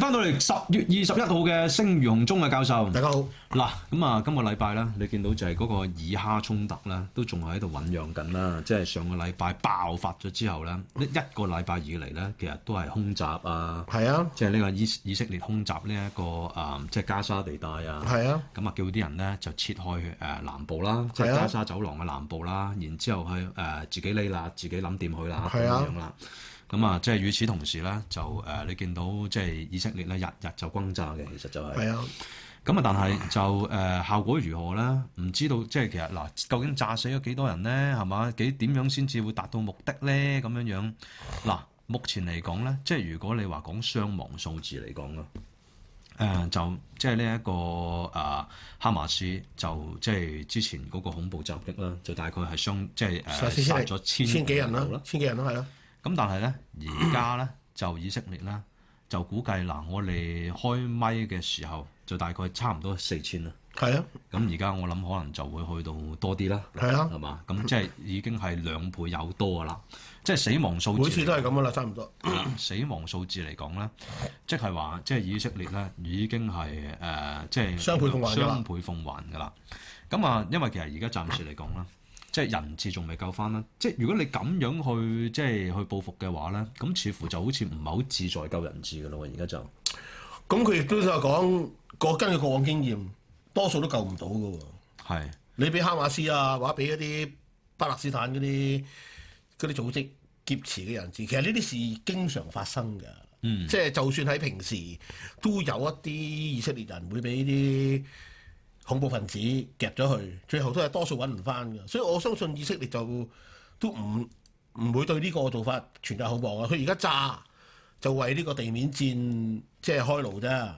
翻到嚟十月二十一號嘅聲如洪鍾嘅教授，大家好。嗱咁啊，今個禮拜啦，你見到就係嗰個以哈衝突啦，都仲係喺度醞釀緊啦。即係上個禮拜爆發咗之後咧，一個禮拜以嚟咧，其實都係空襲啊。係啊，即係呢個以以色列空襲呢、這、一個誒、呃，即係加沙地帶啊。係啊，咁啊，叫啲人咧就切開誒南部啦，即係加沙走廊嘅南部啦。然之後去誒自己匿啦，自己諗掂去啦，咁樣啦。咁啊，即係、嗯嗯、與此同時咧，就誒你見到即係以色列咧日日就轟炸嘅，的其實就係。係啊，咁啊，但係就誒、呃、效果如何咧？唔知道，即係其實嗱，究竟炸死咗幾多人咧？係嘛？幾點樣先至會達到目的呢咧？咁樣樣嗱，目前嚟講咧，即係如果你話講傷亡數字嚟講、呃這個、啊，誒就即係呢一個啊哈馬斯就即係之前嗰個恐怖襲擊啦，就大概係傷、就是呃、即係是誒殺咗千幾人啦、啊，千幾人咯、啊，係、啊、啦。啊啊。咁但係咧，而家咧就以色列咧，就估計嗱，我哋開咪嘅時候就大概差唔多四千啦。係啊，咁而家我諗可能就會去到多啲啦。係啊，係嘛？咁即係已經係兩倍有多噶啦，即係死亡數字好似都係咁噶啦，差唔多、啊。死亡數字嚟講咧，即係話即係以色列咧已經係誒、呃、即係雙倍奉還、雙倍奉還噶啦。咁啊，因為其實而家暫時嚟講啦。即係人質仲未救返啦！即係如果你咁樣去即係去報復嘅話咧，咁似乎就好似唔係好志在救人質嘅咯喎！而家就，咁佢亦都就係講，個根據過往經驗，多數都救唔到嘅喎。係是，你俾哈馬斯啊，或者俾一啲巴勒斯坦嗰啲啲組織劫持嘅人質，其實呢啲事經常發生㗎。嗯，即係就，就算喺平時都有一啲以色列人會俾啲。恐怖分子夾咗佢，最後都係多數揾唔翻嘅，所以我相信以色列就都唔唔會對呢個做法全額好望啊！佢而家炸就為呢個地面戰即係開路啫。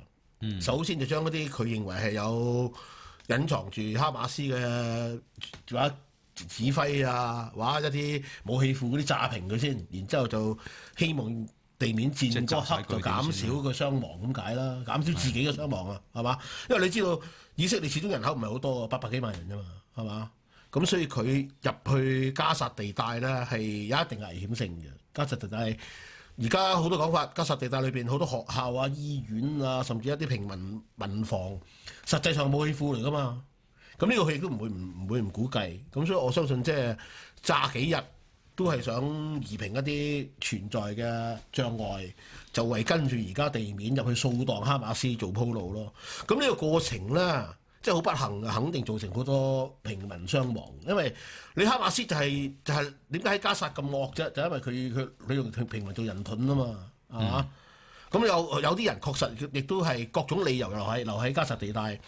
嗯、首先就將嗰啲佢認為係有隱藏住哈馬斯嘅話指揮啊，或者一啲武器庫嗰啲炸平佢先，然之後就希望地面戰嗰是刻就減少個傷亡咁解啦，減少自己嘅傷亡啊，係嘛的？因為你知道。以色列始終人口唔係好多啊，八百幾萬人啫嘛，係嘛？咁所以佢入去加沙地帶咧係有一定危險性嘅。加沙地帶而家好多講法，加沙地帶裏邊好多學校啊、醫院啊，甚至一啲平民民房，實際上武器庫嚟㗎嘛。咁呢個佢亦都唔會唔唔會唔估計。咁所以我相信即係炸幾日都係想移平一啲存在嘅障礙。就為跟住而家地面入去掃蕩哈馬斯做鋪路咯。咁、這、呢個過程咧，即係好不幸啊，肯定造成好多平民傷亡。因為你哈馬斯就係、是、就係點解喺加薩咁惡啫？就因為佢佢利用平民做人盾啊嘛，嗯、啊！咁有有啲人確實亦都係各種理由留喺留喺加薩地帶。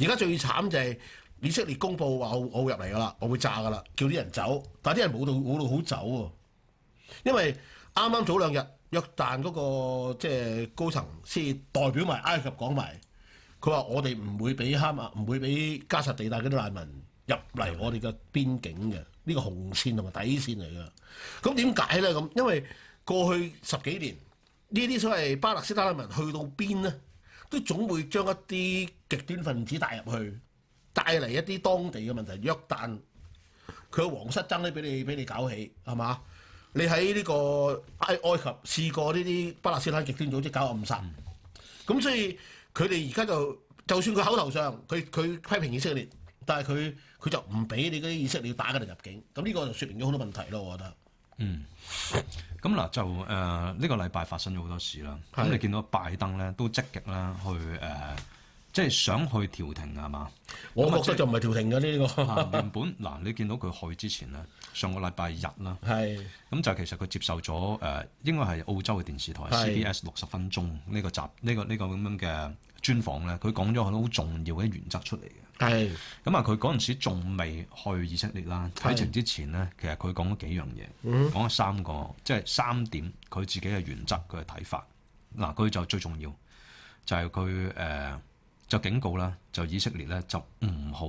而家最慘就係、是、以色列公佈話我我入嚟㗎喇，我會炸㗎喇，叫啲人走，但係啲人冇到冇到好走喎。因為啱啱早兩日。約旦嗰個即係高層先代表埋埃及講埋，佢話我哋唔會俾哈馬唔會俾加薩地帶嗰啲難民入嚟我哋嘅邊境嘅呢、呢個紅線同埋底線嚟㗎。咁點解咧？咁因為過去十幾年呢啲所謂巴勒斯坦嘅難民去到邊咧，都總會將一啲極端分子帶入去，帶嚟一啲當地嘅問題。約旦佢嘅皇室爭咧，俾你俾你搞起係嘛？你喺呢個埃埃及試過呢啲巴勒斯坦極端組織搞暗殺。咁、嗯、所以佢哋而家就就算佢口頭上佢佢批評以色列，但係佢佢就唔俾你嗰啲以色列打嘅人入境，咁呢個就説明咗好多問題咯，我覺得。嗯，咁嗱就誒呢、呃呢個禮拜發生咗好多事啦，咁你見到拜登咧都積極啦去誒。呃即係想去調停係嘛？我覺得就唔係調停嘅呢個原本嗱、啊，你見到佢去之前咧，上個禮拜日啦，係咁是就其實佢接受咗誒、呃，應該係澳洲嘅電視台 CBS 六十是分鐘呢、呢個集呢、呢個呢、呢個咁樣嘅專訪咧。佢講咗好多好重要嘅原則出嚟嘅係咁啊。佢嗰陣時仲未去以色列啦，啟程之前咧，其實佢講咗幾樣嘢，是講咗三個，即係三點佢自己嘅原則，佢嘅睇法嗱。佢、啊、就最重要就係佢誒。就是就警告啦，就以色列咧就唔好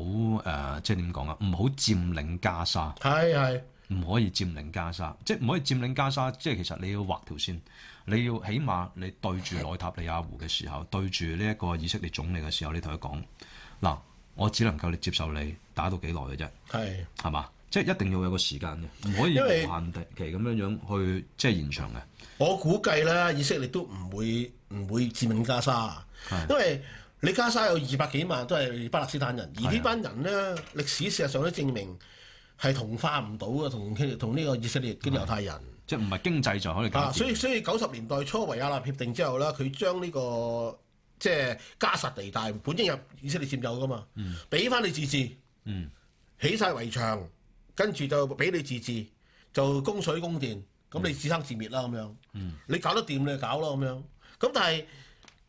誒，即係點講啊？唔好佔領加沙，係係唔可以佔領加沙，即係唔可以佔領加沙。即係其實你要畫條線，你要起碼你對住內塔尼亞胡嘅時候，是是對住呢一個以色列總理嘅時候，你同佢講嗱，我只能夠你接受你打到幾耐嘅啫，係係嘛？即係一定要有個時間嘅，唔可以無限期咁樣樣去即係延長嘅。我估計咧，以色列都唔會唔會佔領加沙，的因為。你加沙有二百幾萬都係巴勒斯坦人，而呢班人咧，歷史事實上都證明係同化唔到嘅，同同呢個以色列嘅猶太人。即係唔係經濟上可以搞？所以所以九十年代初維也納協定之後咧，佢將呢、這個即係加沙地帶本應入以色列佔有嘅嘛，俾翻、嗯、你自治，嗯、起晒圍牆，跟住就俾你自治，就供水供電，咁、嗯、你自生自滅啦咁樣。嗯、你搞得掂你就搞咯咁樣。咁但係。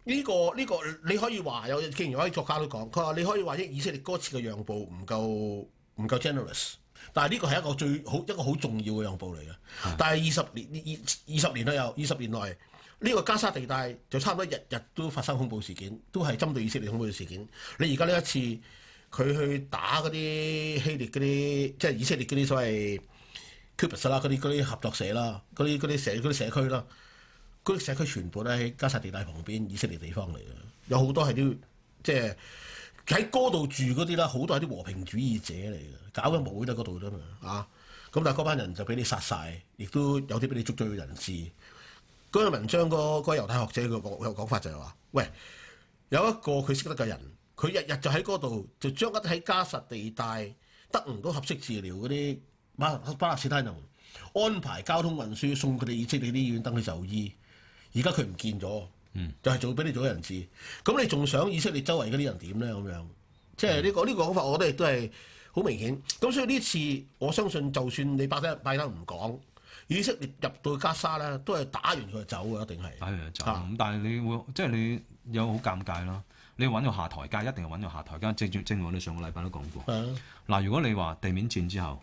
呢、個呢個你可以話有，竟然有位作家都講，佢話你可以話以色列嗰次嘅讓步唔夠唔夠 generous，但係呢個係一個最好一個好重要嘅讓步嚟嘅。嗯、但係二十年二二十年啦，又二十年內呢、個加沙地帶就差唔多日日都發生恐怖事件，都係針對以色列恐怖事件。你而家呢一次佢去打嗰啲希臘嗰啲，即係以色列嗰啲所謂 kibbutz 啦，嗰啲嗰啲合作社啦，嗰啲嗰啲社嗰啲社區啦。嗰啲社區全部都喺加沙地帶旁邊，以色列地方嚟嘅，有好多係啲即係喺嗰度住嗰啲啦，好多係啲和平主義者嚟嘅，搞緊暴動喺嗰度啫嘛，啊！咁、嗯、但係嗰班人就俾你殺晒，亦都有啲俾你捉咗去人質。嗰、那個文章個個猶太學者個講法就係話，喂，有一個佢識得嘅人，佢日日就喺嗰度，就將一啲喺加沙地帶得唔到合適治療嗰啲巴勒斯坦人安排交通運輸，送佢哋以色列啲醫院等佢就醫。而家佢唔見咗，嗯、就係做俾你做人質。咁你仲想以色列周圍嗰啲人點咧？咁樣，即係呢個呢、嗯、個講法，我覺得亦都係好明顯。咁所以呢次，我相信就算你拜登拜登唔講，以色列入到加沙咧，都係打完佢就走啊，一定係。打完就走，咁、啊、但係你會，即、就、係、是、你有好尷尬啦。你揾個下台階，一定係揾個下台階。正正正如我哋上個禮拜都講過。嗱，啊、如果你話地面戰之後。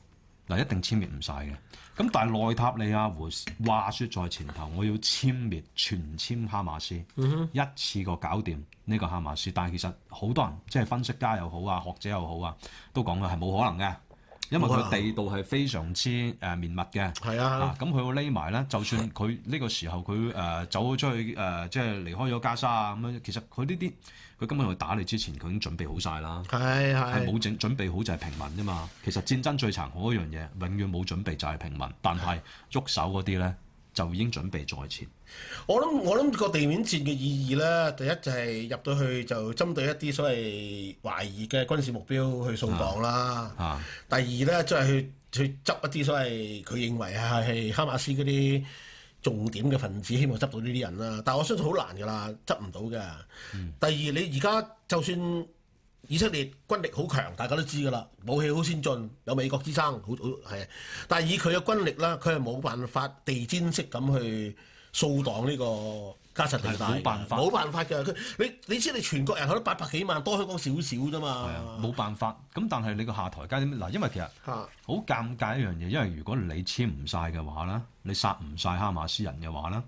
嗱，一定簽滅唔晒嘅。咁但係內塔尼亞胡話説在前頭，我要簽滅全簽哈馬斯，嗯、哼一次過搞掂呢個哈馬斯。但係其實好多人即係分析家又好啊，學者又好啊，都講嘅係冇可能嘅。因為佢地道係非常之誒綿密嘅，係啊，咁佢會匿埋咧，就算佢呢個時候佢誒走咗出去誒、呃，即係離開咗加沙啊咁樣，其實佢呢啲佢根本去打你之前，佢已經準備好晒啦，係係冇整準備好就係平民啫嘛。其實戰爭最殘酷一樣嘢，永遠冇準備就係平民，但係喐手嗰啲咧。就已經準備在前我。我諗我諗個地面戰嘅意義咧，第一就係入到去就針對一啲所謂懷疑嘅軍事目標去掃蕩啦。啊啊、第二咧，即係去去執一啲所謂佢認為係係哈馬斯嗰啲重點嘅分子，希望執到呢啲人啦。但係我相信好難㗎啦，執唔到嘅。嗯、第二，你而家就算。.以色列軍力好強，大家都知㗎啦，武器好先進，有美國支撐，好好係啊！但係以佢嘅軍力咧，佢係冇辦法地毯式咁去掃蕩呢個加薩地區，冇辦法，冇辦法㗎！佢你你知你全國人口都八百幾萬，多香港少少啫嘛，冇辦法。咁但係你個下台階點？嗱，因為其實好尷尬一樣嘢，因為如果你簽唔晒嘅話啦，你殺唔晒哈馬斯人嘅話啦，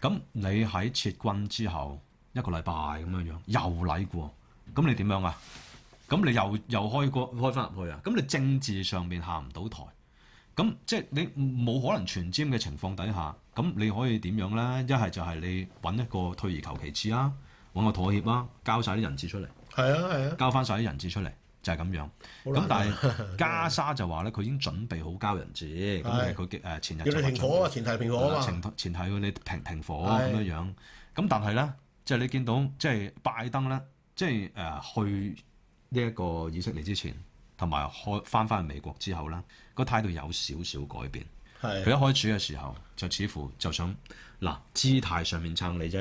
咁你喺撤軍之後一個禮拜咁樣樣又嚟過。咁你點樣啊？咁你又又開過開翻入去啊？咁你政治上面下唔到台，咁即係你冇可能全佔嘅情況底下，咁你可以點樣咧？一係就係你揾一個退而求其次啊，揾個妥協啦，交晒啲人質出嚟。係啊，係啊，交翻晒啲人質出嚟就係、是、咁樣。咁但係加沙就話咧，佢已經準備好交人質，咁佢嘅前日就。要你停火喎、啊，前提係停、啊、前提前提要你停停火咁樣、啊、樣。咁但係咧，就係、你見到即係、就係、拜登咧。即係誒去呢一個以色列之前，同埋開翻去美國之後啦，個態度有少少改變。佢的一開始嘅時候就似乎就想嗱，姿態上面撐你啫。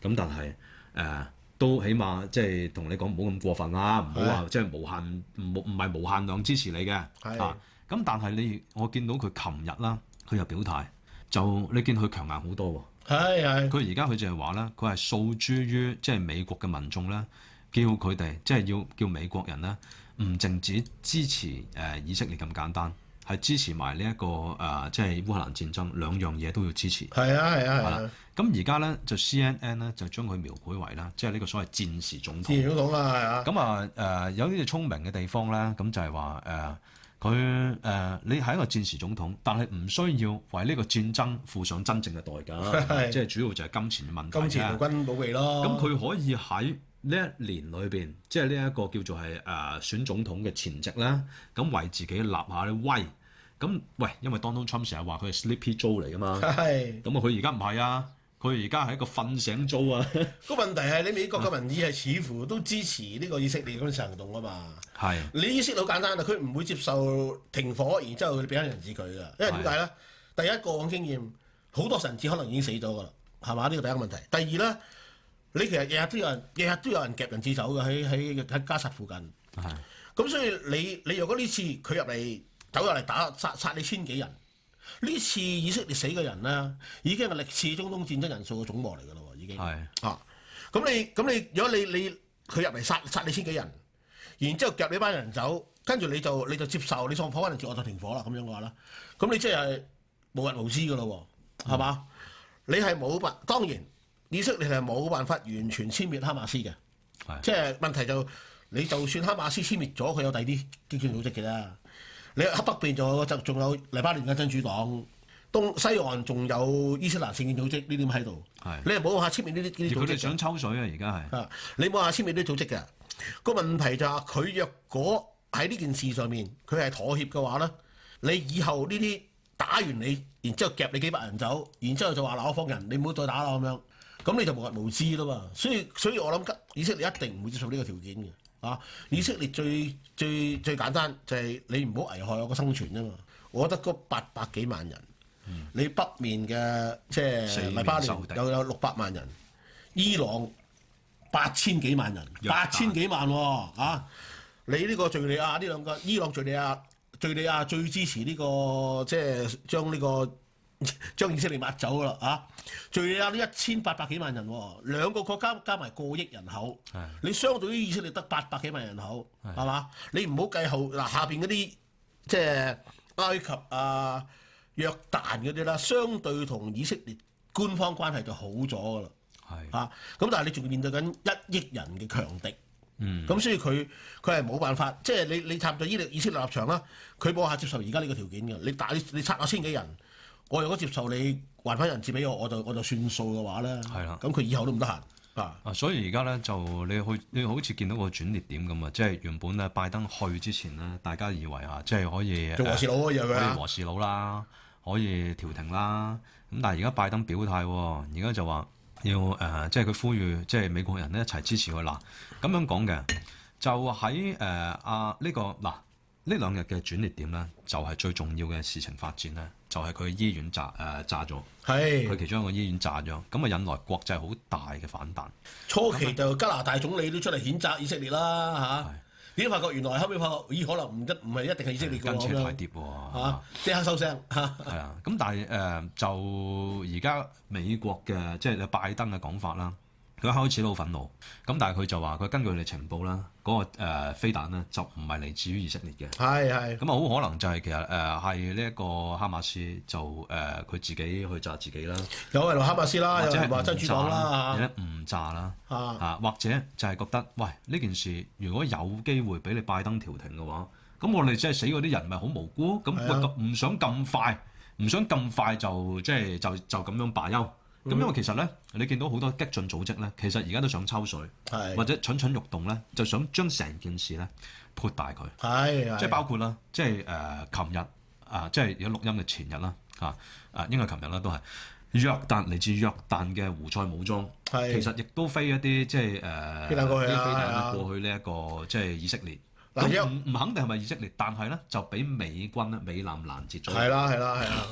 咁但係誒、呃、都起碼即係同你講，唔好咁過分啦、啊，唔好話即係無限，唔唔係無限量支持你嘅。係的啊，咁但係你我見到佢琴日啦，佢又表態，就你見佢強硬好多喎、啊。係係，佢而家佢就係話啦，佢係訴諸於即係美國嘅民眾啦，叫佢哋即係要叫美國人啦，唔淨止支持誒以色列咁簡單，係支持埋呢一個誒即係烏克蘭戰爭兩樣嘢都要支持。係啊係啊係啦，咁而家咧就 CNN 咧就將佢描繪為啦，即係呢個所謂戰時總統。總統啦係啊，咁啊誒有啲嘢聰明嘅地方咧，咁就係話誒。呃佢誒、呃，你係一個戰時總統，但係唔需要為呢個戰爭付上真正嘅代價，的即係主要就係金錢嘅問題。金錢、軍武器咯。咁佢可以喺呢一年裏邊，即係呢一個叫做係誒、呃、選總統嘅前夕啦，咁為自己立下啲威。咁喂，因為 Donald Trump 成日話佢係 Sleepy Joe 嚟㗎嘛，咁啊佢而家唔係啊。佢而家係一個瞓醒做啊！個 問題係你美國嘅民意係似乎都支持呢個以色列咁嘅行動啊嘛。係。你意思好簡單啊，佢唔會接受停火，然之後佢俾緊人質佢㗎。因為點解咧？是的 第一個過往經驗，好多人質可能已經死咗㗎啦，係嘛？呢、這個第一個問題。第二咧，你其實日日都有人，日日都有人夾人質走㗎，喺喺喺加薩附近。係。咁所以你你若果呢次佢入嚟走入嚟打殺殺你千幾人？呢次以色列死嘅人咧，已經係歷次中東戰爭人數嘅總和嚟㗎咯，已經。係是。啊，咁你咁你，如果你你佢入嚟殺殺你千幾人，然之後夾你班人走，跟住你就你就接受，你放火嗰陣時我就停火啦，咁樣嘅話啦，咁你即係無恥無恥㗎咯喎，係嘛、嗯？你係冇辦，當然以色列係冇辦法完全殲滅哈馬斯嘅，是即係問題就你就算哈馬斯殲滅咗，佢有第二啲基建組，組織嘅啦。你喺北邊仲有個仲有黎巴嫩嘅真主黨，東西岸仲有伊斯蘭聖戰組織呢啲喺度。係的，你唔好話前面呢啲。組織你想抽水啊，而家係。啊，你冇話前面啲組織嘅、個問題就係、是、佢若果喺呢件事上面佢係妥協嘅話咧，你以後呢啲打完你，然之後夾你幾百人走，然之後就話攞一方人，你唔好再打啦咁樣，咁你就無日無之啦嘛。所以所以我諗以色列一定唔會接受呢個條件嘅。啊！以色列最最最簡單就係、是、你唔好危害我個生存啫嘛！我覺得嗰八百幾萬人，嗯、你北面嘅即係黎巴嫩又有六百萬人，嗯、伊朗八千幾萬人，八千幾萬喎、啊啊、你呢個敍利亞呢兩個，伊朗敍利亞敍利亞最支持呢個即係將呢個。將 以色列抹走噶啦嚇，敍利亞都一千八百幾萬人、哦，兩個國家加埋過億人口，的你相對於以色列得八百幾萬人口，係嘛的？你唔好計後嗱下邊嗰啲即係埃及啊、呃、約旦嗰啲啦，相對同以色列官方關係就好咗噶啦，係嚇的。咁、啊、但係你仲面對緊一億人嘅強敵，嗯，咁所以佢佢係冇辦法，即係你你插在以色列立場啦，佢冇可能接受而家呢個條件嘅。你打你打你殺我千幾人。我如果接受你還翻人質俾我，我就我就算數嘅話咧，係啦的，咁佢以後都唔得閒啊！啊，所以而家咧就你去你好似見到個轉捩點咁啊，即係原本咧拜登去之前咧，大家以為啊，即係可以做和事佬，可以和事佬啦，可以調停啦。咁但係而家拜登表態，而家就話要誒，即係佢呼籲，即係美國人咧一齊支持佢嗱，咁樣講嘅就喺誒呃啊呢個嗱。呢兩日嘅轉捩點咧，就係、是、最重要嘅事情發展咧，就係、是、佢醫院炸誒、呃、炸咗，佢是其中一個醫院炸咗，咁啊引來國際好大嘅反彈。初期就加拿大總理都出嚟譴責以色列啦嚇，點是、啊、發覺原來後尾發覺咦可能唔一唔係一定係以色列嘅喎，跟住大跌喎即刻收聲嚇。係啊，咁、 啊、但係誒、呃、就而家美國嘅即係拜登嘅講法啦。佢一開始都好憤怒，咁但係佢就話佢根據佢哋情報啦，嗰、嗰個誒、呃、飛彈呢就唔係嚟自於以色列嘅，係係，咁啊好可能就係其實誒係呢一個哈馬斯就誒佢、呃、自己去炸自己啦，有人話哈馬斯啦，有人話真主黨啦，有啲誤炸啦，啊，啊或者就係覺得喂呢件事如果有機會俾你拜登調停嘅話，咁我哋即係死嗰啲人咪好無辜，咁佢唔想咁快，唔想咁快就即係就就咁樣罷休。咁因為其實咧，你見到好多激進組織咧，其實而家都想抽水，是的 或者蠢蠢欲動咧，就想將成件事咧潑大佢是的，即係包括啦，即係誒琴日啊，即係有錄音嘅前日啦，啊啊應該係琴日啦，都係約旦嚟自約旦嘅胡塞武裝，是的 其實亦都飛一啲即係誒、呃、飛彈過去啊，飛彈過去呢、這、一個是的、這個、即係以色列。 唔唔肯定係咪以色列，但係咧就俾美軍咧美艦攔截咗。係啦係啦係啦。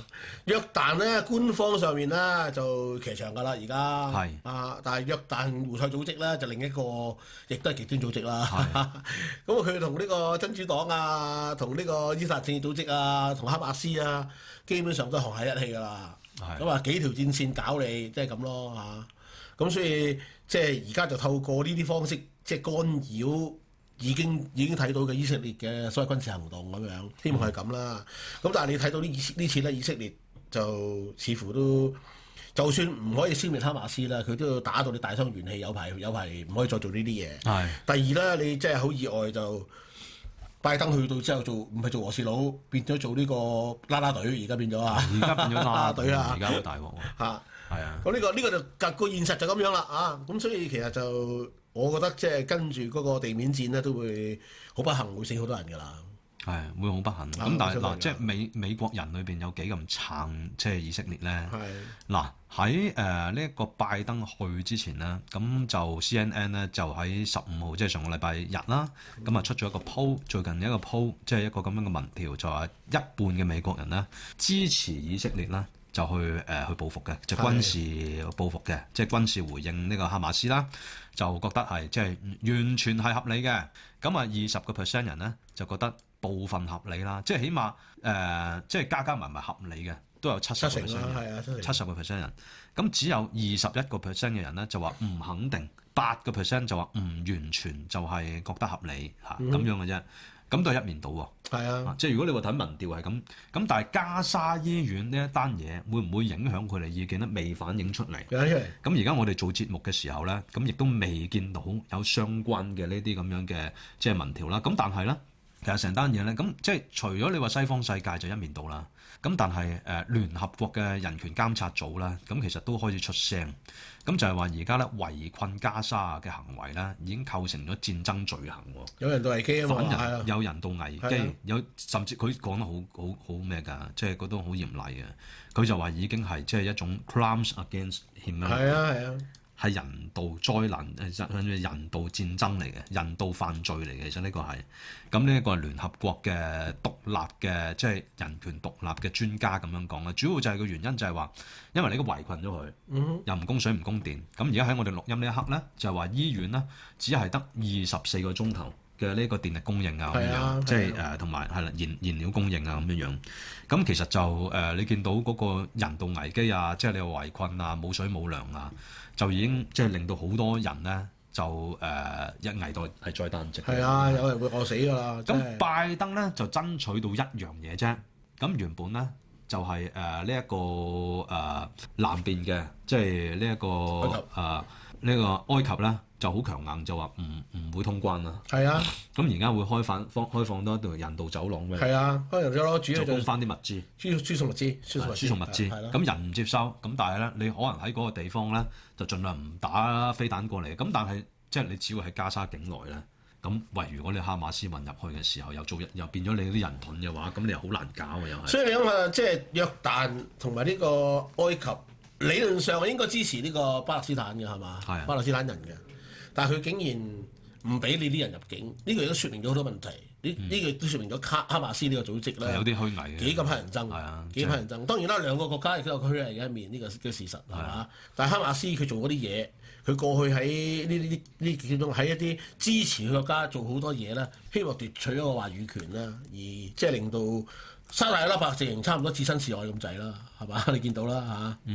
約 旦咧官方上面咧就騎牆㗎啦，而家。係的。啊！但係約旦胡塞組織咧就另一個，亦都係極端組織啦。咁啊的，佢同呢個真主黨啊，同呢個伊斯蘭聖戰組織啊，同哈馬斯啊，基本上都係沆瀣一氣㗎啦。係的。咁啊，幾條戰線搞你，即係咁咯嚇。咁所以即係而家就透過呢啲方式，即係干擾。已經已經睇到嘅以色列嘅所謂軍事行動咁樣，希望係咁啦。咁、嗯、但係你睇到呢次呢次咧，以色列就似乎都就算唔可以消滅哈馬斯啦，佢都要打到你大傷元氣，有排有排唔可以再做呢啲嘢。係。是 第二咧，你真係好意外就拜登去到之後做唔係做和事佬，變咗做呢個啦啦隊，而家變咗啊！而家變咗啦啦隊啊！而家好大鑊喎。嚇！係啊。咁呢個呢個就個現實就咁樣啦啊！咁所以其實就。我覺得即係跟住嗰個地面戰咧，都會好不幸，會死好多人噶啦。係，會好不幸。咁但係嗱，即係美美國人裏邊有幾咁撐即係以色列咧？係是。嗱喺誒呢一個拜登去之前呢，咁就 C N N 咧就喺十五號，即係上個禮拜日啦，咁啊、嗯、出咗一個 poll 最近一個 poll 即係一個咁樣嘅民調，就話、是、一半嘅美國人咧支持以色列啦。就去誒、呃、去報復嘅，就是、軍事報復嘅，即、就、係、是、軍事回應呢個哈馬斯啦，就覺得係即係完全係合理嘅。咁啊，二十個 percent 人咧就覺得部分合理啦，即、就、係、是、起碼誒即係加加埋埋合理嘅都有七十 percent，係啊，七十個 percent 人。咁只有二十一個 percent 嘅人咧就話唔肯定，八個 percent 就話唔完全就係覺得合理嚇咁、嗯、哼樣嘅啫。咁都係一面倒喎，係啊，即係如果你話睇民調係咁，咁但係加沙醫院呢一單嘢會唔會影響佢哋意見咧？未反映出嚟。咁而家我哋做節目嘅時候咧，咁亦都未見到有相關嘅呢啲咁樣嘅即係民調啦。咁但係咧。其實成單嘢咧，咁即係除咗你話西方世界就一面倒啦，咁但係誒聯合國嘅人權監察組啦，咁其實都開始出聲，咁就係話而家咧圍困加沙嘅行為咧已經構成咗戰爭罪行。有人道危機啊嘛，係啊的，有人道危機，的有甚至佢講得好好好咩㗎，即係覺得好嚴厲嘅。佢就話已經係即係一種 crimes against humanity。係啊，係啊。係人道災難，誒向人道戰爭嚟嘅，人道犯罪嚟嘅，其實呢個係，咁呢一個係聯合國嘅獨立嘅，即係人權獨立嘅專家咁樣講咧，主要就係個原因就係話，因為你個圍困咗佢，又唔供水唔供電，咁而家喺我哋錄音呢一刻咧，就係話醫院咧只係得二十四個鐘頭。嘅呢個電力供應等等啊咁樣，即係誒同埋係啦，燃、啊啊、燃料供應啊咁樣樣，咁其實就誒、呃、你見到嗰個人道危機啊，即係你有圍困啊、冇水冇糧啊，就已經即係令到好多人咧就誒、呃、一危在係在旦夕。係啊，有人會餓死噶啦。咁是拜登咧就爭取到一樣嘢啫。咁原本咧就係誒呢一個誒、呃、南邊嘅，即係呢一個誒呢個埃及啦。呃這個就好強硬，就話唔唔會通關啦。係啊，咁而家會開翻放開放多一條人道走廊嘅。係啊，開人道走廊，主要、啊、就送翻啲物資，輸送物資，輸送物資。咁、啊啊、人唔接收，咁但係咧，你可能喺嗰個地方咧，就儘量唔打飛彈過嚟。咁但係即係你只要喺加沙境內咧。咁喂如果你哈馬斯混入去嘅時候，又做又變咗你啲人盾嘅話，咁你又好難搞㗎、啊。又係。所以你諗下，即係約旦同埋呢個埃及，理論上應該支持呢個巴勒斯坦嘅係嘛？係、啊啊、巴勒斯坦人嘅。但係佢竟然唔俾你啲人入境，呢、這個亦都說明咗好多問題。呢呢亦都說明咗卡哈馬斯呢個組織啦，有啲虛偽嘅，幾咁乞人憎，幾乞人憎。當然啦，兩個國家都有虛偽嘅一面，呢、這個嘅事實係嘛？啊、吧但係哈馬斯佢做嗰啲嘢，佢過去喺呢呢呢叫做喺一啲支持嘅國家做好多嘢啦，希望奪取一個話語權啦，而即係令到沙地阿拉伯直情差唔多置身事外咁滯啦，係嘛？你見到啦嚇，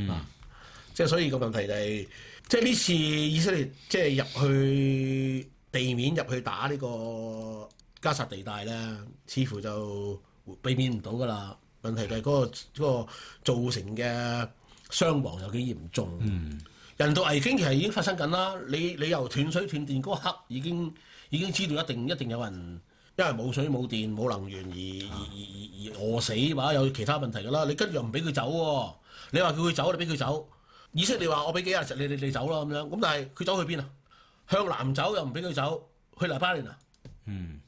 即係、 嗯、 所以個問題就係、是。即係呢次以色列即係入去地面入去打呢個加沙地帶咧，似乎就避免唔到噶啦。問題就係嗰、嗰個嗰個造成嘅傷亡有幾嚴重？嗯、人道危機其實已經發生緊啦。你你由斷水斷電嗰刻已經已經知道一定一定有人因為冇水冇電冇能源而、啊、而而而而餓死或者有其他問題噶啦。你跟住又唔俾佢走，你話叫佢走，你俾佢走。以色列話：我俾幾日，你你你，你走啦咁樣。咁但係佢走去邊啊？向南走又唔俾佢走，去黎巴嫩啊？嗯。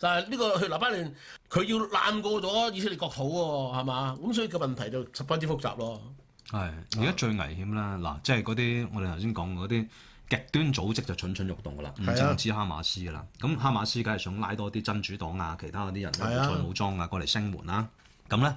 但係呢個去黎巴嫩，佢要攬過咗以色列國土喎，係嘛？咁所以個問題就十分之複雜咯。係，而家最危險啦！嗱、啊，即係嗰啲我哋頭先講嗰啲極端組織就蠢蠢欲動噶啦，唔淨止哈馬斯啦。咁哈馬斯梗係想拉多啲真主黨啊，其他嗰啲人啊，再是、啊、武裝啊，過嚟聲援啦、啊。咁咧，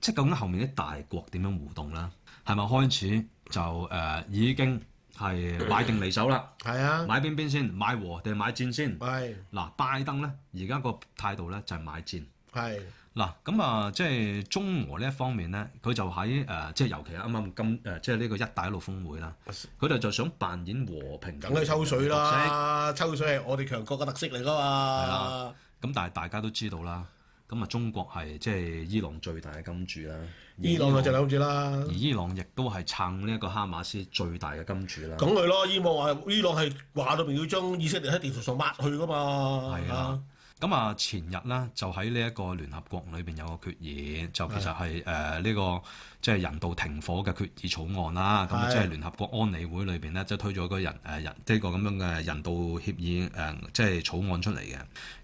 即係究竟後面啲大國點樣互動啦？係咪開始就誒、呃、已經係買定離手啦？係 啊，買邊邊先？買和定買戰先？係、啊。嗱，拜登咧，而家個態度咧就係買戰。係。嗱，咁啊，即係中俄呢一方面咧，佢就喺誒、呃呃，即係尤其啱啱今誒，即係呢個一帶一路峯會啦，佢哋就想扮演和平。等佢抽水啦，抽水係我哋強國嘅特色嚟㗎嘛。係啦、啊。咁但係大家都知道啦。咁啊，中國係即係伊朗最大嘅金主啦。伊朗就兩毫子啦。而伊朗亦都係撐呢一個哈馬斯最大嘅金主啦。講佢咯，伊朗話伊朗係話到明要將以色列喺地圖上抹去噶嘛。係啊的。咁啊，前日呢就喺呢一個聯合國裏邊有個決議，就其實係誒呢個即係人道停火嘅決議草案啦。咁的即係聯合國安理會裏邊呢，即係推咗個人誒人呢個咁樣嘅人道協議誒、呃，即係草案出嚟嘅。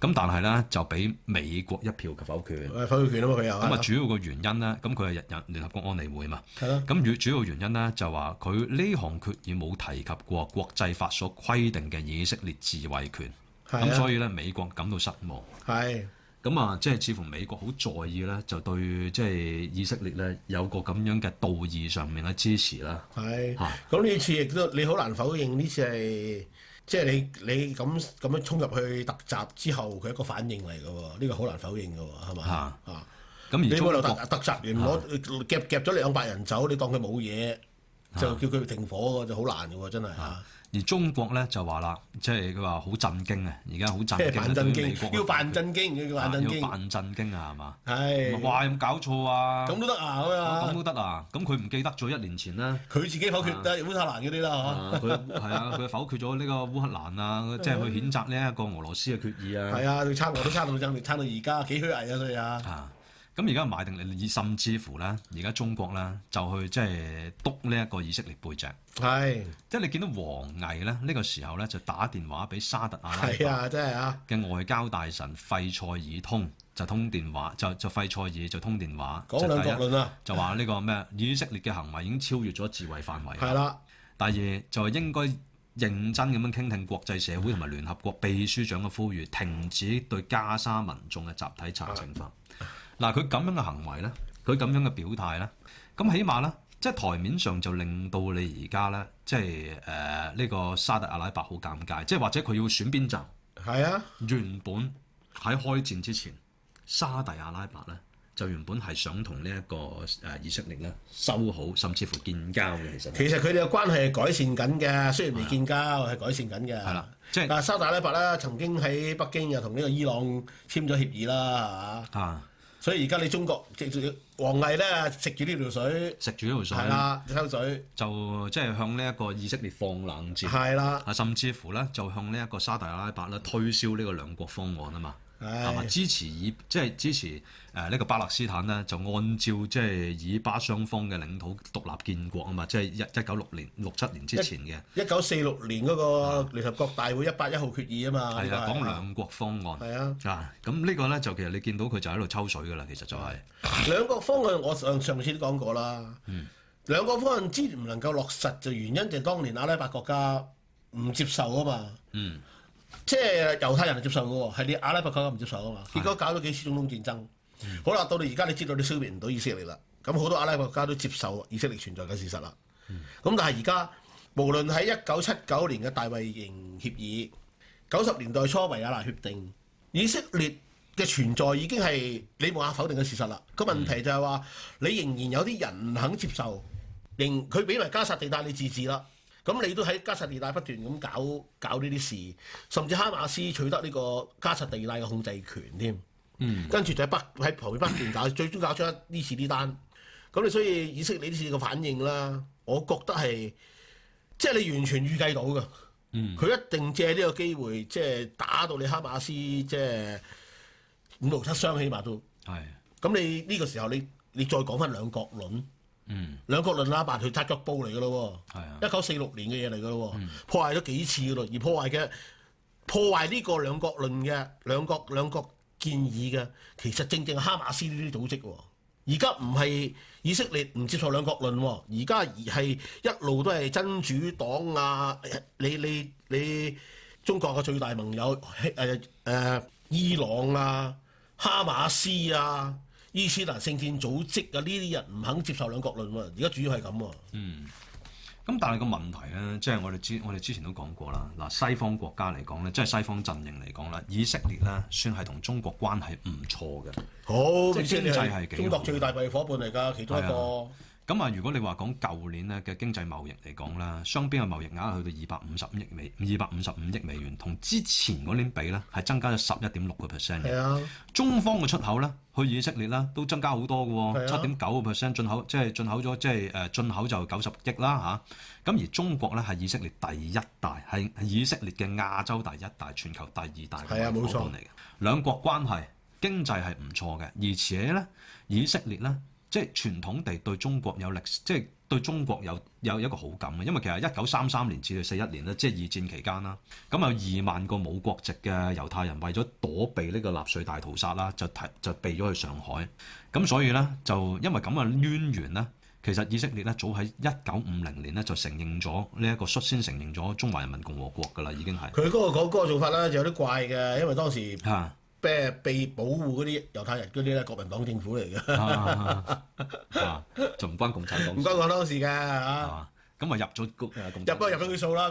咁但係呢，就俾美國一票嘅否決，否決。咁啊主要嘅原因呢，咁佢係人聯合國安理會嘛。咁主的主要原因呢，就話佢呢項決議冇提及過國際法所規定嘅以色列自衛權。咁所以咧，美國感到失望。係。咁啊，即係似乎美國好在意咧，就對即係以色列咧有個咁樣嘅道義上面嘅支持啦。係。咁呢次亦都你好難否認，呢次係即係你你咁咁樣衝入去突襲之後，佢一個反應嚟㗎喎，呢個好難否認㗎喎，係嘛？嚇。嚇。咁而中國突襲完，攞夾夾咗兩百人走，你當佢冇嘢就叫佢停火嘅就好難㗎喎，真係嚇。而中國咧就話啦，即係佢話好震驚啊！而家好震驚啊！要扮震驚，叫扮震驚，要扮震驚啊！係嘛？係，哇！有冇搞錯啊？咁都得啊？咁都得啊？咁佢唔記得咗一年前啦，佢自己否決啊烏克蘭嗰啲啦，嗬？係啊，佢否決咗呢個烏克蘭啊，即係去譴責呢一個俄羅斯嘅決議啊。係啊，佢撐我都撐到正，撐到而家幾虛偽啊！所以啊。咁而家買定，你，以甚至乎呢，而家中國呢，就去即係篤呢一個以色列背脊，係的，即係你見到王毅呢，呢個時候呢，就打電話俾沙特阿拉伯嘅外交大臣費的塞爾通就通電話，就就費塞爾就通電話講兩國論啊，第一就話呢個咩以色列嘅行為已經超越咗自衞範圍。係啦的，第二就係應該認真咁樣傾聽國際社會同埋聯合國秘書長嘅呼籲，停止對加沙民眾嘅集體懲罰。嗱佢咁樣嘅行為咧，佢咁樣嘅表態咧，咁起碼咧，即係台面上就令到你而家咧，即係誒呢個沙特阿拉伯好尷尬，即係或者佢要選邊站？係啊！原本喺開戰之前，沙特阿拉伯咧就原本係想同呢一個誒以色列咧修好，甚至乎建交嘅。其實其實佢哋嘅關係係改善緊嘅，雖然未建交係、啊、改善緊嘅。係啦、啊，即係但沙特阿拉伯咧曾經喺北京又同呢個伊朗簽咗協議啦，嚇。啊！啊所以而家你中國食住王毅咧食住呢條水，食住呢條水，係啦，抽水就即係向呢一個以色列放冷箭，係啦啊，甚至乎咧就向呢一個沙特阿拉伯咧推銷呢個兩國方案啊嘛。係嘛？哎、支持以即係支持誒呢、呃呢個巴勒斯坦咧，就按照即係以巴雙方嘅領土獨立建國啊嘛！即、就、係、係、一,一九六年六七年之前嘅。一九四六年嗰個聯合國大會一八一號決議啊嘛，啊係係講兩國方案。係啊。啊！咁呢個咧就其實你見到佢就喺度抽水㗎啦，其實就係、係。兩國方案我上上次都講過啦。嗯。兩國方案之唔能夠落實，就原因就當年阿拉伯國家唔接受啊嘛。嗯。即係猶太人係接受嘅喎，係你阿拉伯國家唔接受啊嘛。結果搞咗幾次中東戰爭，的好啦，到你而家你知道你消滅唔到以色列啦。咁好多阿拉伯國家都接受以色列存在嘅事實啦。咁的但係而家無論喺一九七九年嘅大衞營協議，九十年代初嘅維也納協定，以色列嘅存在已經係你冇可否定嘅事實啦。個問題就係話你仍然有啲人唔肯接受，仍佢俾埋加薩地帶你自治啦。咁你都喺加沙地帶不斷咁搞搞呢啲事，甚至哈馬斯取得呢個加沙地帶嘅控制權添，嗯、跟住就喺北喺旁邊不斷搞， 最終搞出呢次呢單。咁你所以以色列你呢次嘅反應啦，我覺得係即係你完全預計到嘅，佢、嗯、一定借呢個機會即係、就是、打到你哈馬斯即係、就是、五勞七傷起碼都。係的。咁你呢個時候你你再講翻兩國論。嗯，兩國論啊，白條拆腳煲嚟噶咯，一九四六年嘅嘢嚟噶咯，嗯、破壞咗幾次噶咯，而破壞嘅破壞呢個兩國論嘅兩國兩國建議嘅，其實正正係哈馬斯呢啲組織喎，而家唔係以色列唔接受兩國論，而家而係一路都係真主黨啊，你你你，你中國嘅最大盟友，誒、呃、誒伊朗啊，哈馬斯啊。伊斯蘭聖戰組織啊，呢啲人唔肯接受兩國論喎，而家主要係咁喎。嗯，咁但係個問題咧，即係我哋之我哋之前都講過啦，嗱，西方國家嚟講咧，即係西方陣營嚟講咧，以色列咧，算係同中國關係唔錯嘅。好，即係經濟係幾好，中國最大嘅伙伴嚟㗎，其中一個。咁啊，如果你話講舊年咧嘅經濟貿易嚟講啦，雙邊嘅貿易額去到二百五十五億美二百五十五億美元，同之前嗰年比咧，係增加咗十一點六個 percent 嘅。係啊，中方嘅出口咧去以色列啦，都增加好多嘅，七點九個 percent。進口即係、即係、進口咗，即係誒進口就九、是、十億啦嚇。咁、啊、而中國咧係以色列第一大，係以色列嘅亞洲第一大，全球第二大嘅夥伴嚟嘅。係啊，冇錯。兩國關係經濟係唔錯嘅，而且咧以色列咧。即係傳統地對中國有歷史，即係對中國有有一個好感嘅，因為其實一九三三年至到四一年咧，即係二戰期間啦。咁有二萬個冇國籍嘅猶太人為咗躲避呢個納粹大屠殺啦，就提就避咗去上海。咁所以呢，就因為咁嘅淵源呢，其實以色列呢，早喺一九五零年呢，就承認咗呢一個率先承認咗中華人民共和國嘅啦，已經係。佢嗰個嗰個做法呢，就有啲怪嘅，因為當時嚇。 咩被保護嗰啲猶太人嗰啲咧？國民黨政府嚟嘅，啊啊，就唔關共、啊、共產黨。唔關我當時㗎嚇，咁啊入咗個共，入不入咗啲數啦，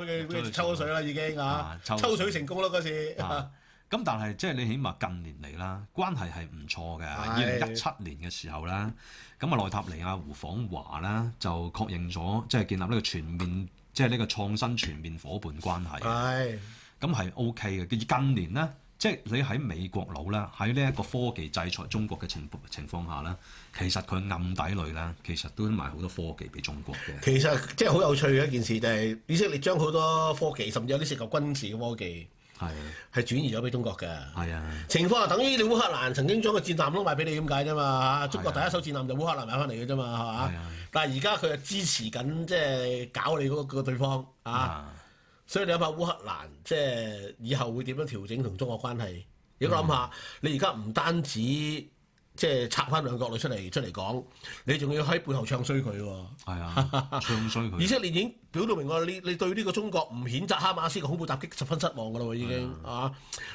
抽咗水啦已經嚇，啊啊，抽水成功咯嗰時。咁，啊啊、但係即係你起碼近年嚟啦，關係係唔錯嘅。是二零一七年嘅時候啦，咁啊內塔尼亞胡訪華啦就確認咗，即、就、係、是、建立呢個全面，即係呢個創新全面伙伴關係。係咁係 O K 嘅。近年咧。即係你喺美國佬咧，喺呢一個科技制裁中國嘅情情況下咧，其實佢暗底裡咧，其實都賣好多科技俾中國嘅。其實即係好有趣嘅一件事就係以色列將好多科技，甚至有啲涉及軍事嘅科技，係係的轉移咗俾中國嘅。係啊的，情況就等於你烏克蘭曾經將個戰艦都賣俾你咁解啫嘛。中國第一艘戰艦就烏克蘭買翻嚟嘅啫嘛係嘛？的的但係而家佢係支持緊即係搞你嗰個對方啊。的所以你諗下烏克蘭即係以後會點樣調整同中國關係？你都諗下，你而家唔單止即係拆翻兩國女出嚟出嚟講，你仲要喺背後唱衰佢喎。啊、哎，唱衰佢。 而且你已經表到明喎，你你對呢個中國唔譴責哈馬斯嘅恐怖襲擊十分失望㗎啦喎，已經、哎、呀啊，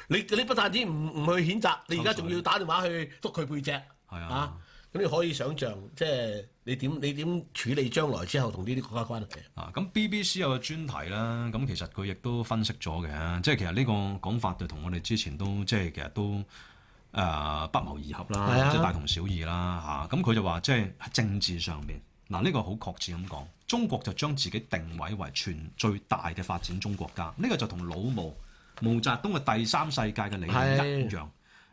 你你不但止唔唔去譴責，你而家仲要打電話去捉佢背脊。係、哎、呀啊。咁你可以想象，即係。你點你點處理將來之後同呢啲國家關係啊？咁 BBC 有個專題啦，咁其實佢亦都分析咗嘅，即係其實呢個講法就同我哋之前都即係其實都誒、呃、不謀而合啦，即係、啊、大同小異啦嚇。咁、啊、佢就話即係政治上面。嗱、啊，呢、呢個好確切咁講，中國就將自己定位為全最大嘅發展中國家，呢、呢個就同老毛毛澤東嘅第三世界嘅理念一樣，的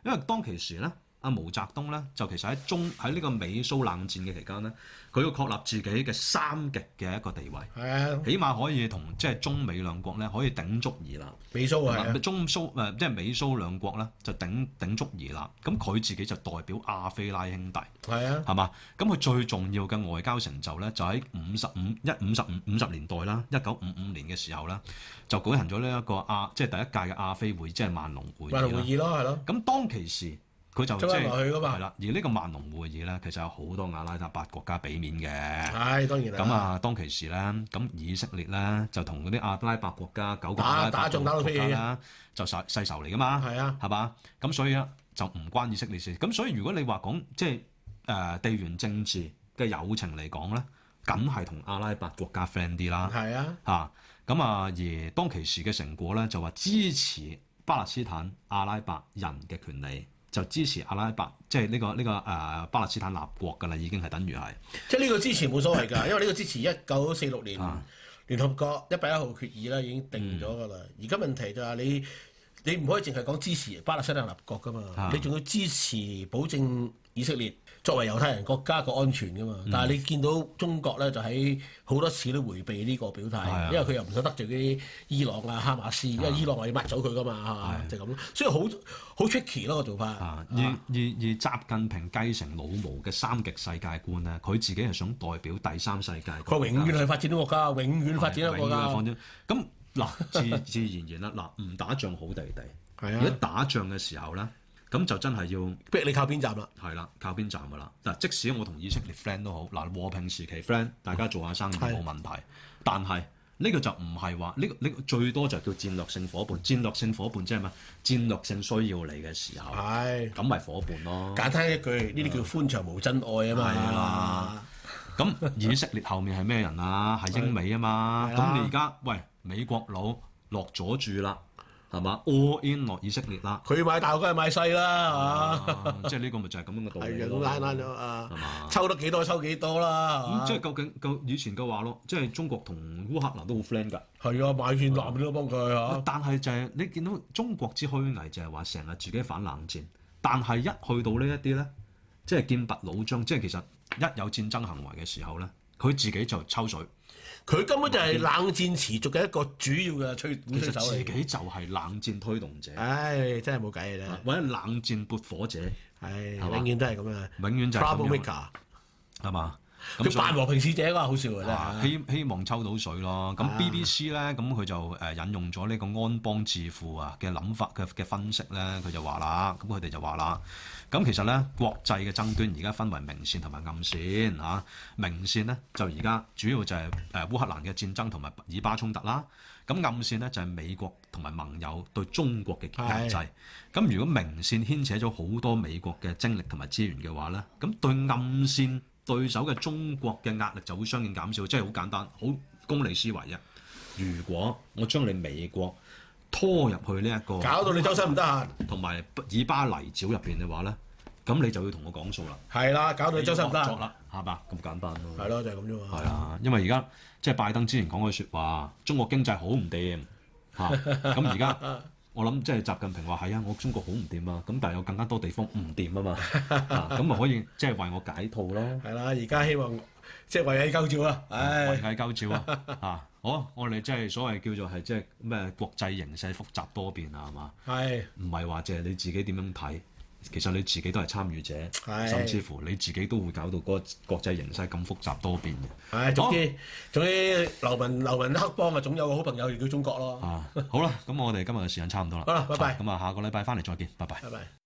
因為當其時咧。阿毛澤東咧，就其實喺中喺呢個美蘇冷戰嘅期間咧，佢要確立自己嘅三極嘅一個地位，係啊的，起碼可以同即係中美兩國咧可以鼎足而立。美蘇的中蘇誒，即係美蘇兩國咧就鼎鼎足而立。咁佢自己就代表亞非拉兄弟，係啊，係嘛的？咁佢最重要嘅外交成就咧，就喺五十五一五十五五十年代啦，一九五五年嘅時候咧，就舉行咗呢一個亞即係第一屆嘅亞非會，即係萬隆會萬隆會議咯，係咯。咁當其時。佢就追落去噶嘛？係啦，而呢個萬隆會議咧，其實有好多阿拉伯國家俾面嘅，係、哎、當然啦。咁啊，當其時咧，咁以色列咧就同嗰啲阿拉伯國家糾葛啦，打國國打仗打到飛起啦，就世世仇嚟噶嘛，係、嗯、啊，係嘛？咁所以咧就唔關以色列事。咁所以如果你話講即係誒、呃、地緣政治嘅友情嚟講咧，梗係同阿拉伯國家 friend 啲啦，係、嗯、啊嚇。咁、嗯、啊，而當其時嘅成果咧，就話支持巴勒斯坦阿拉伯人嘅權利。就支持阿拉伯，即係呢個呢、呢個誒、呃、巴勒斯坦立國㗎啦，已經係等於係。即係呢個支持冇所謂㗎， 因為呢個支持一九四六年聯合國一百一號決議啦，已經定咗㗎啦。嗯、而家問題就係你你唔可以淨係講支持巴勒斯坦立國㗎嘛，嗯、你仲要支持保證以色列。嗯 作為猶太人國家嘅安全噶嘛？但係你見到中國咧，就喺好多次都迴避呢個表態，因為佢又唔想得罪啲伊朗啊、哈馬斯，因為伊朗話要抹走佢噶嘛，就咁。所以好好 tricky 咯個做法。而而而習近平繼承老毛嘅三極世界觀咧，佢自己係想代表第三世界。佢永遠係發展中國家，永遠發展中國家。咁嗱，自然然啦，嗱，唔打仗好地地。係啊。而家打仗嘅時候咧。咁就真係要逼你靠邊站啦，係啦，靠邊站㗎啦。嗱，即使我同以色列 friend 都好，嗱，和平時期 friend，大家做下生意冇問題。的但係呢個就唔係話呢個呢個最多就叫戰略性伙伴。戰略性伙伴即係咩？戰略性需要你嘅時候，咁咪伙伴咯。簡單一句，呢啲叫歡場無真愛啊嘛。係啦，咁以色列後面係咩人啊？係英美啊嘛。咁你而家喂，美國佬落咗注啦。係嘛？All in 落以色列啦，佢、e、買大我梗係買細啦，係嘛、啊 啊？即係呢個咪就係咁樣嘅道理。係嘅，爛爛咗抽得幾多抽幾多啦，係、啊嗯、即係究竟舊以前嘅話咯，即係中國同烏克蘭都好 friend 㗎。係啊，買鐵籃都幫佢啊。啊但係就係你見到中國之虛偽，就係話成日自己反冷戰，但係一去到呢一啲咧，即係劍拔弩張，即係其實一有戰爭行為嘅時候咧，佢自己就抽水。佢根本就係冷戰持續嘅一個主要嘅推手嚟嘅，其實自己就係冷戰推動者。唉，真係冇計嘅咧。是或者冷戰撥火者，唉，吧永遠都係咁嘅，永遠就係咁樣。Problem maker, 咁扮和平使者啊嘛，好笑啊！希希望抽到水咯。咁 BBC 咧，咁佢就誒引用咗呢個安邦智庫啊嘅諗法嘅嘅分析咧，佢就話啦，咁佢哋就話啦，咁其實咧國際嘅爭端而家分為明線同埋暗線嚇、啊。明線咧就而家主要就係誒烏克蘭嘅戰爭同埋以巴衝突啦。咁暗線咧就係、是、美國同埋盟友對中國嘅遏制。咁是如果明線牽扯咗好多美國嘅精力同埋資源嘅話咧，咁對暗線，對手嘅中國嘅壓力就會相應減少，即係好簡單，好功利思維啫。如果我將你美國拖入去呢、這、一個搞說說，搞到你周身唔得閒，同埋以巴泥沼入邊嘅話咧，咁你就要同我講數啦。係啦，搞到你周身唔得閒，係嘛？咁簡單咯、啊。係咯，就係咁啫嘛。係啊，因為而家即係拜登之前講嘅説話，中國經濟好唔掂嚇，咁而家。 我諗即係習近平話係啊，我中國好唔掂啊，咁但係有更加多地方唔掂啊嘛，咁咪、 啊、可以即係為我解套咯。係啦，而家希望即係為解救照啊，嗯、為解救照啊，嚇、 啊！好，我哋即係所謂叫做係即係咩國際形勢複雜多變啊，係嘛？係，唔係話淨係你自己點樣睇？其實你自己都係參與者，是甚至乎你自己都會搞到嗰個國際形勢咁複雜多變嘅、哎。總之，好總之，流氓流氓黑幫啊，總有個好朋友叫中國咯。啊，好啦，咁 我哋今日嘅時間差唔多啦。好啦，拜拜。咁啊，下個禮拜翻嚟再見，拜拜。拜拜。